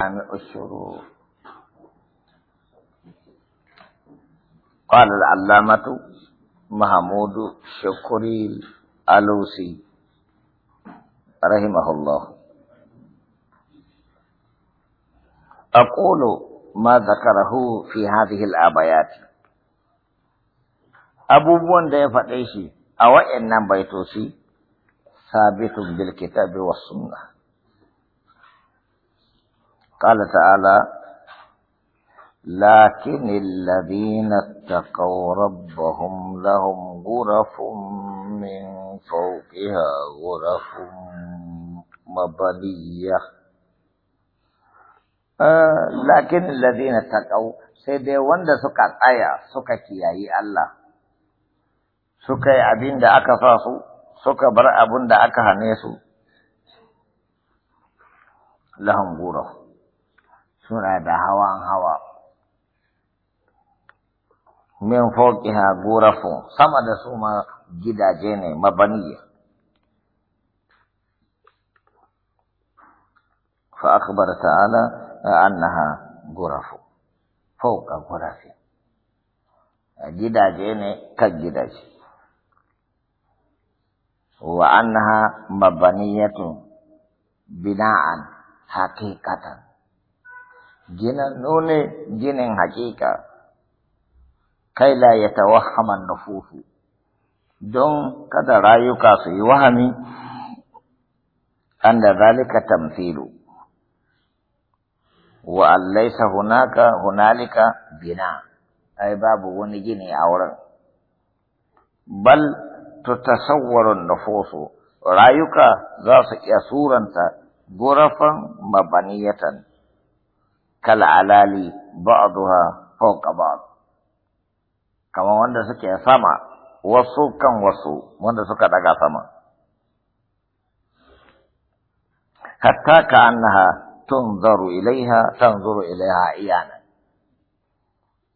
عن الشرور قال العلامة محمود شكري الوسي رحمه الله أقول ما ذكره في هذه الآبيات أبو بون ديفا أو إنما بيتوسي ثابت بالكتاب والسنة قال تعالى لكن الذين اتقوا ربهم لهم غرف من فوقها غرف مبنية آه لكن الذين اتقوا سيدي وند سكات آية سكاكي كياي الله سكا أبين دا أكا فاسو سكا برأبون دا أكا أكهنيسو لهم غرف suna da hawan hawa min fawqiha gurafun sama da su ma gidaje ne mabaniya fa akhbara ta'ala annaha gurafu fawqa gurafi gidaje ne kan gidaje wa annaha mabaniyatu bina'an haqiqatan جنون جنن حقيقة كي لا يتوهم النفوس دون قد رأيك في وهمي أن ذلك تمثيل وأن ليس هناك هنالك بناء أي باب ونجني أورا بل تتصور النفوس رأيك ذات يسورا غرفا مبنية كالعلالي بعضها فوق بعض كما وند سكي سما وصو كان وصو وند سكا دغا سما حتى كأنها تنظر إليها تنظر إليها عيانا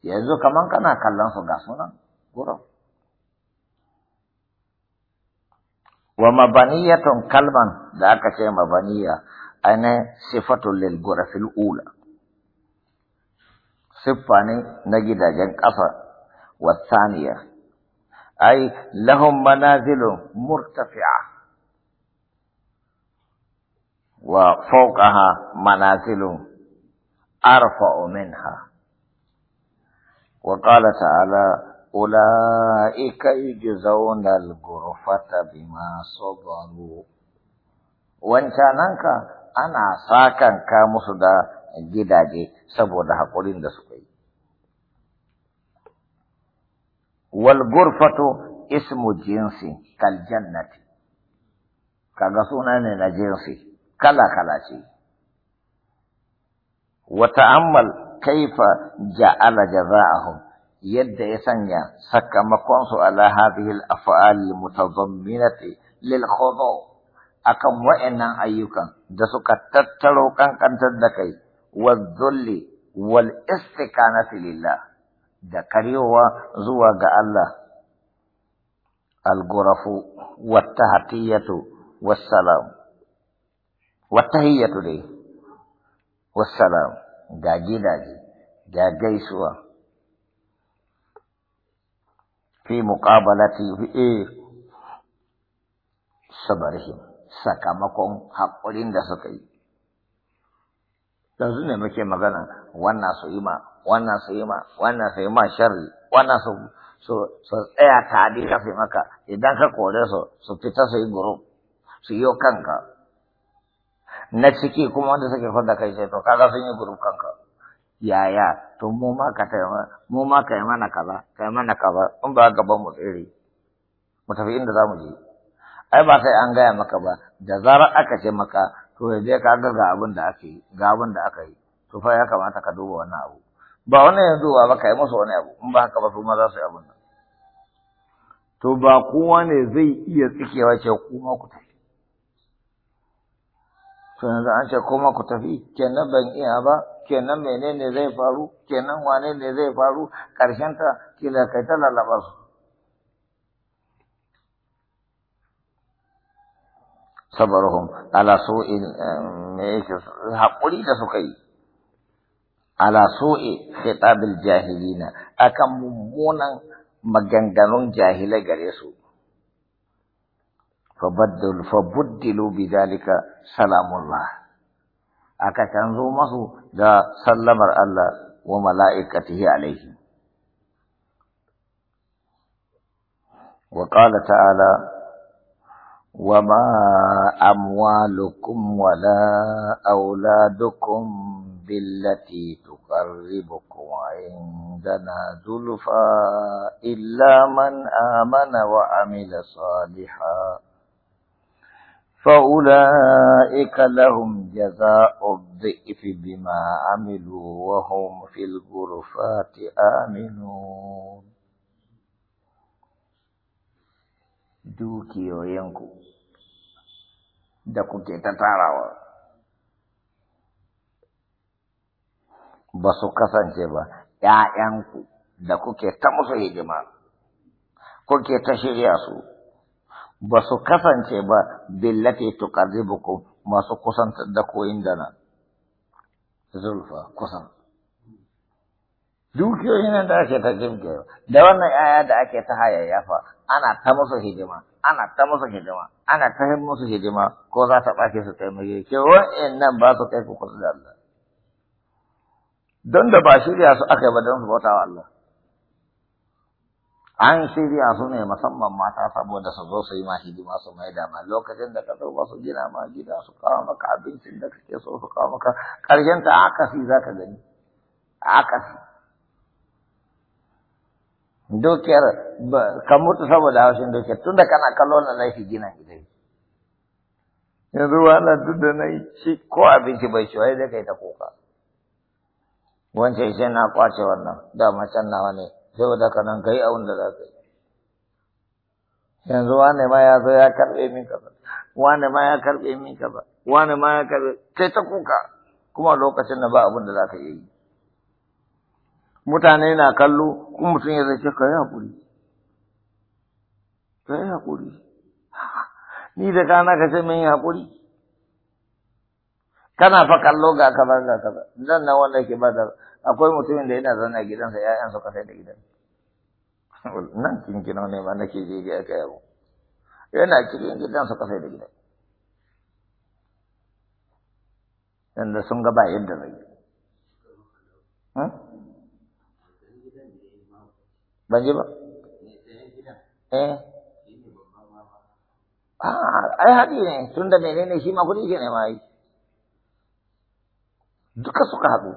yanzu kaman kana kallon su ga sunan gurin wa mabaniyatun kalman da aka ce mabaniya ana sifatun lil gurafil ula صفاني نجد جنك أفر والثانية أي لهم منازل مرتفعة وفوقها منازل أرفع منها وقال تعالى أولئك يجزون الغرفة بما صبروا وإن وانت أنا ساكن كامسدا gidaje saboda haƙurin da suka yi. Wal gurfatu ismu jinsi kal jannati, kaga suna ne na jinsi, kala-kala ce. wa ta'ammal kaifa ja'ala jaza'ahum yadda ya sanya sakamakon su ala hadhihi al-af'al mutadamminati lil khudu akan wa'annan ayyukan da suka tattaro kankantar da kai والذل والاستكانة لله ده كريوة زوا الله الغرف والتهتية والسلام والتهية لي والسلام دا جي دا جي سوا في مقابلة في إيه صبرهم سكمكم حق لين yanzu ne muke magana wannan su yi ma wannan su yi ma wannan su yi ma sharri wannan su su tsaya ta ka fi maka idan ka kore su su fita su yi guru su yi kanka na ciki kuma wanda suke fada kai sai to kaga sun yi guru kanka yaya to mu ma ka ta mu ma ka yi mana kaza ka yi mana kaza in ba gaban mu tsere mu tafi inda za mu je ai ba sai an gaya maka ba da zarar aka ce maka to ya je ka ga ga abin da aka yi ga abin da aka yi to fa ya kamata ka duba wannan abu ba wannan yanzu ba ba kai musu wani abu in ba haka ba su ma za su yi abin nan to ba kowa ne zai iya tsikewa ce kuma ku tafi to yanzu an ce kuma ku tafi kenan ban iya ba kenan menene zai faru kenan wane ne zai faru karshen ta kila kai ta lalaba su sabarahum ala su'i me yake haƙuri da suka yi ala su'i khitabil jahilina akan mummunan maganganun jahilai gare su فبدل فبدلوا بذلك سلام الله aka canzo masu da sallamar Allah wa mala'ikatihi alaihi. Wa ƙala ta'ala, وما أموالكم ولا أولادكم بالتي تقربكم عندنا زلفى إلا من آمن وعمل صالحا فأولئك لهم جزاء الضئف بما عملوا وهم في الغرفات آمنون dukiyoyinku da kuke ta tarawa ba su kasance ba ‘ya'yanku da kuke ta musu hidima kuke ta shirya su ba su kasance ba billati tuqarribukum masu kusantar da koyin da na zulfa kusan dukiyoyin nan da ake ta kimkewa da wannan yaya da ake ta hayayyafa ana ta musu hidima ana ta musu hidima ana ta musu hidima ko za ta ɓace su kai mai wa'in nan ba su kai ku kusa da Allah don da ba shirya su aka yi ba don su bauta wa Allah an shirya su ne musamman mata saboda su zo su yi ma hidima su mai dama lokacin da ka zo ba su gina ma gida su kawo maka abincin da kake so su kawo maka ƙarshen ta akasi za ka gani akasi dukiyar ka mutu saboda haushin dukiyar tun da kana kallo na laifi gina gida yanzu wannan duk da na ci ko abinci bai ci wai da kai ta kuka wancan sai na kwace wannan dama can nawa ne saboda ka nan kai abin da za ka yi yanzu wane ma ya zo ya karbe min kaza wane ma ya karbe min kaza wane ma ya karbe, kai ta kuka kuma lokacin da ba abin da za ka yi mutane na kallo kuma mutum ya zai ce ka yi haƙuri ka yi haƙuri ni da kana ka ce min yi haƙuri kana fa kallo ga kaza ga kaza nan nan wanda ke ba da akwai mutumin da yana zaune a gidansa yayan su kasai da gidan nan kinkino ne ba nake je ga aka yabo yana cikin gidansa kasai da gidan yanda sun ga ba yadda zai hmm? Banjir Pak? eh Ah, ayah ne ni. da ni, shi ma kuɗi ke ne ma yi duka suka haɗu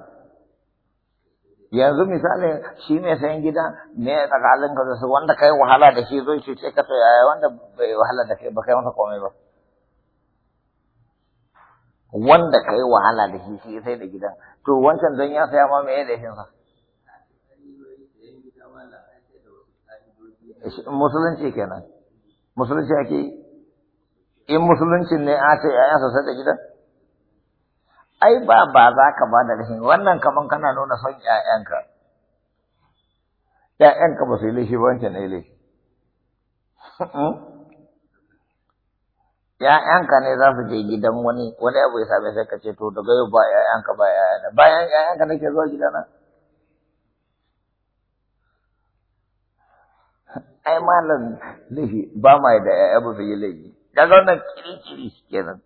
yanzu misali shi mai sayan gida me ya tsakalin ka su wanda kaya wahala da shi tu, si ce ka to yaya wanda wahala da kai ba kai masa komai ba wanda kaya wahala da shi shi sai da gidan to wancan don ya saya ma me ya laifin sa musulunci kenan musulunci ake yi in musuluncin ne a ce 'ya'yan sosai da gidan ai ba ba za ka ba da rashin wannan kaman kana nuna son ‘ya'yanka ‘ya'yanka ba su yi laifi wancan ne laifi hmm? ‘ya'yanka ne za su je gidan wani wani abu ya same sai ka ce to daga yau ba ‘ya'yanka ba ‘ya'yana bayan ‘ya'yanka nake zuwa gidana ai malam laifi ba ma da ƴaƴa ba yi laifi kaga wannan kiri kenan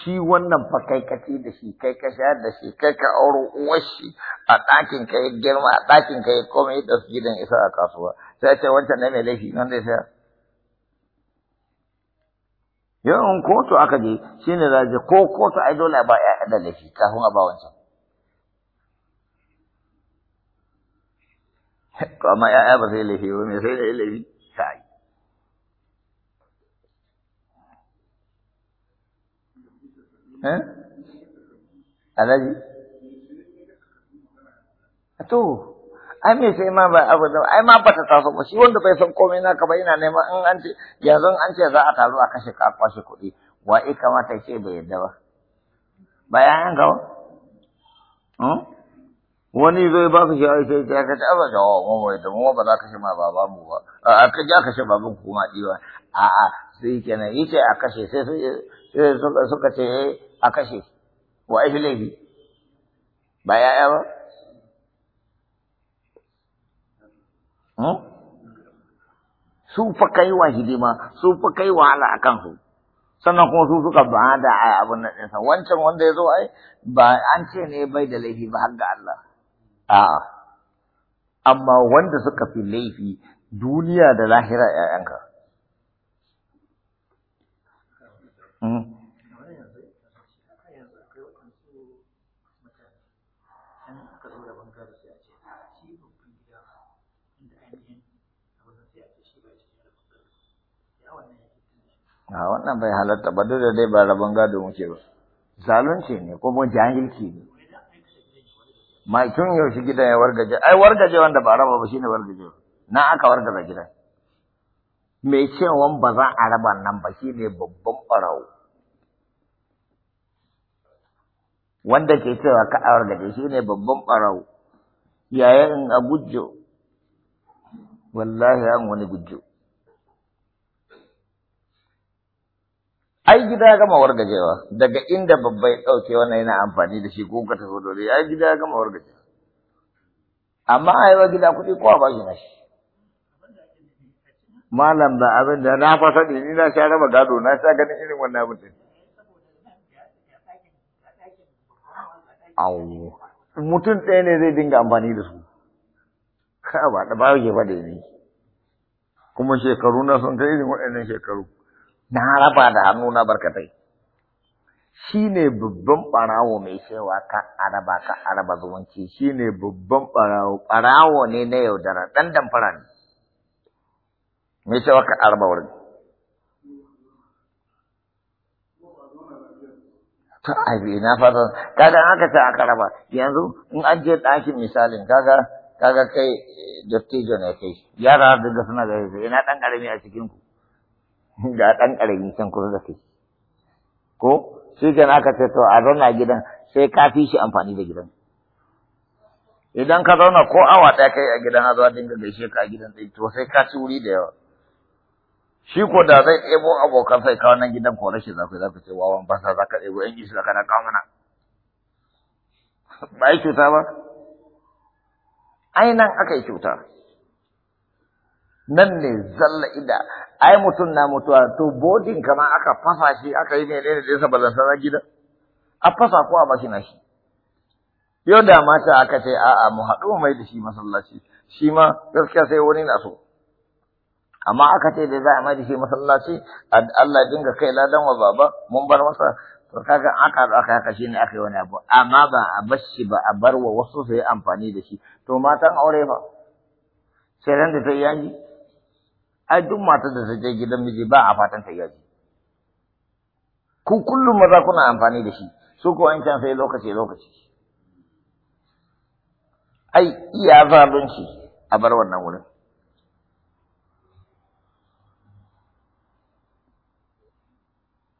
shi wannan fa kai ka ci da shi kai ka sha da shi kai ka auro uwar shi a ɗakin ka ya girma a ɗakin ka ya komai ya ɗauki gidan isa a kasuwa sai ce wancan ne mai laifi nan zai saya yawan kotu aka je shine za ko kotu ai dole ba ƴaƴa da laifi kafin a ba wancan to amma ya'ya ba sai laifi ba me sai da laifi sai eh alaji to ai me sai ma ba abu da ai ma ba ta taso ba shi wanda bai san komai na ba yana neman in an ce yanzu an ce za a taru a kashe ka kwashe kuɗi wa kamata ce bai yadda ba bayan an gawa hmm? wani zo ya baka shi a ita ya kace aba wa mu wai da mu ba za ka shi ma baba mu ba a ka ja ka shi baban ku ma diwa a a sai kenan yace a kashe sai sai suka ce eh, a kashe wa ai laifi ba ya ya ba hmm? su fa kai wa hidima su fa kai ala akan su sannan kuma su suka ba da abin nan wancan wanda ya zo ai ba an ce ne bai da laifi ba har ga Allah a'a amma wanda suka fi laifi duniya da lahira ‘ya'yanka. Hmm? A wannan bai halatta ba duk da dai ba rabon gado muke ba, zalunci ne kuma jahilci ne. mai tun yaushe gidan ya wargaje ai wargaje wanda ba raba ba shine wargaje na aka wargaza gidan mai cewan ba za a raba nan ba shine babban barawo wanda ke cewa ka a wargaje shine babban barawo yayin a gujjo wallahi an wani gujjo ai gida gama wargajewa daga inda babba ya ɗauke wannan yana amfani da shi ko ka tafi dole ai gida gama wargajewa amma ai wa gida kudi kowa ba shi nashi malam ba abin da na fasa ne ni na sha raba gado na sha ganin irin wannan abin din awo mutum ɗaya ne zai dinga amfani da su ka ba da ba ba da ni kuma shekaru na sun kai irin waɗannan shekaru na raba da hannu na barkatai shi ne babban ɓarawo mai cewa ka araba ka araba zumunci shi ne babban ɓarawo ɓarawo ne na yaudara ɗan damfara ne mai cewa ka araba wurin to abi na fata kaga aka ce aka raba yanzu in an je ɗakin misalin kaga kaga kai eh, dattijo ne kai yara da suna da ina ɗan ƙarami a cikin ku ga ɗan ƙarami can da kai ko shi na aka ce to a zauna gidan sai ka fi shi amfani da gidan idan ka zauna ko awa ɗaya kai a gidan a zuwa dinga gaishe ka a gidan tsaye to sai ka ci wuri da yawa shi ko da zai ɗebo abokan sai kawo nan gidan ko rashin zafi za ku ce wawan basa za ka ɗebo 'yan ƴan da kana kawo mana ba yi cuta ba ainihin aka yi cuta nan ne zalla ida ai mutum na mutuwa to bodin kama aka fasa shi aka yi mai da yasa balantana gida a fasa ko a shi na shi yau da mata aka ce a'a mu haɗu mai da shi masallaci shi ma gaskiya sai wani na so amma aka ce da za a mai da shi masallaci Allah dinga kai ladan wa baba mun bar masa to kaga aka aka shi shine aka yi wani abu amma ba a bashi ba a bar wa wasu su amfani da shi to matan aure ba sai ran da ta yi ai duk matar da ta je gidan miji ba a fatan ta yaji ku kullum maza kuna amfani da shi su ko an can sai lokaci lokaci ai iya zalunci a bar wannan wurin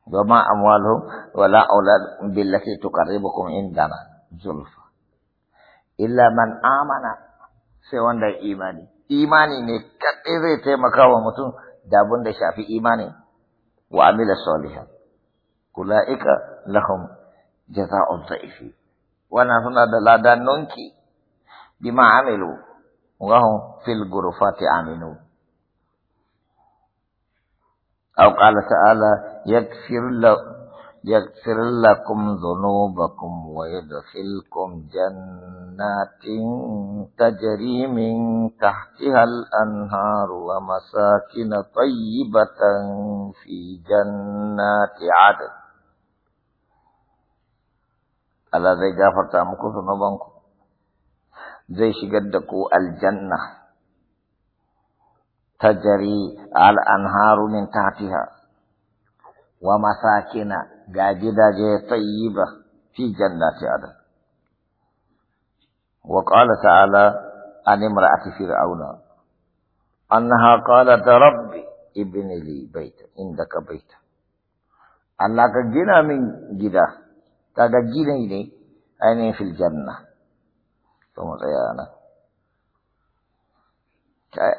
وما أموالهم ولا أولاد بالتي تقربكم عندنا زلفى إلا من آمن سوى إيماني imani ne kaɗai zai taimaka wa mutum da abin da shafi imani wa amila salihan kulaika lahum jaza'un da'ifi wana suna da ladan nunki bima amilu wa fil ghurfati aminu aw qala ta'ala yakfir lahu يغفر لكم ذنوبكم ويدخلكم جنات تجري من تحتها الأنهار ومساكن طيبة في جنات عدن Allah zai gafarta muku zunubanku, zai shigar da ku aljanna, ta jari al'anharu min tafiha wa masakina قاعدة طيبة في جنة عدن وقال تعالى عن امرأة فرعون أنها قالت رب ابن لي بيت عندك بيت أنك جنا من جدا تاد جنا إلي أين في الجنة ثم سيانا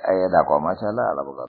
أي داقوا ما شاء الله على بغض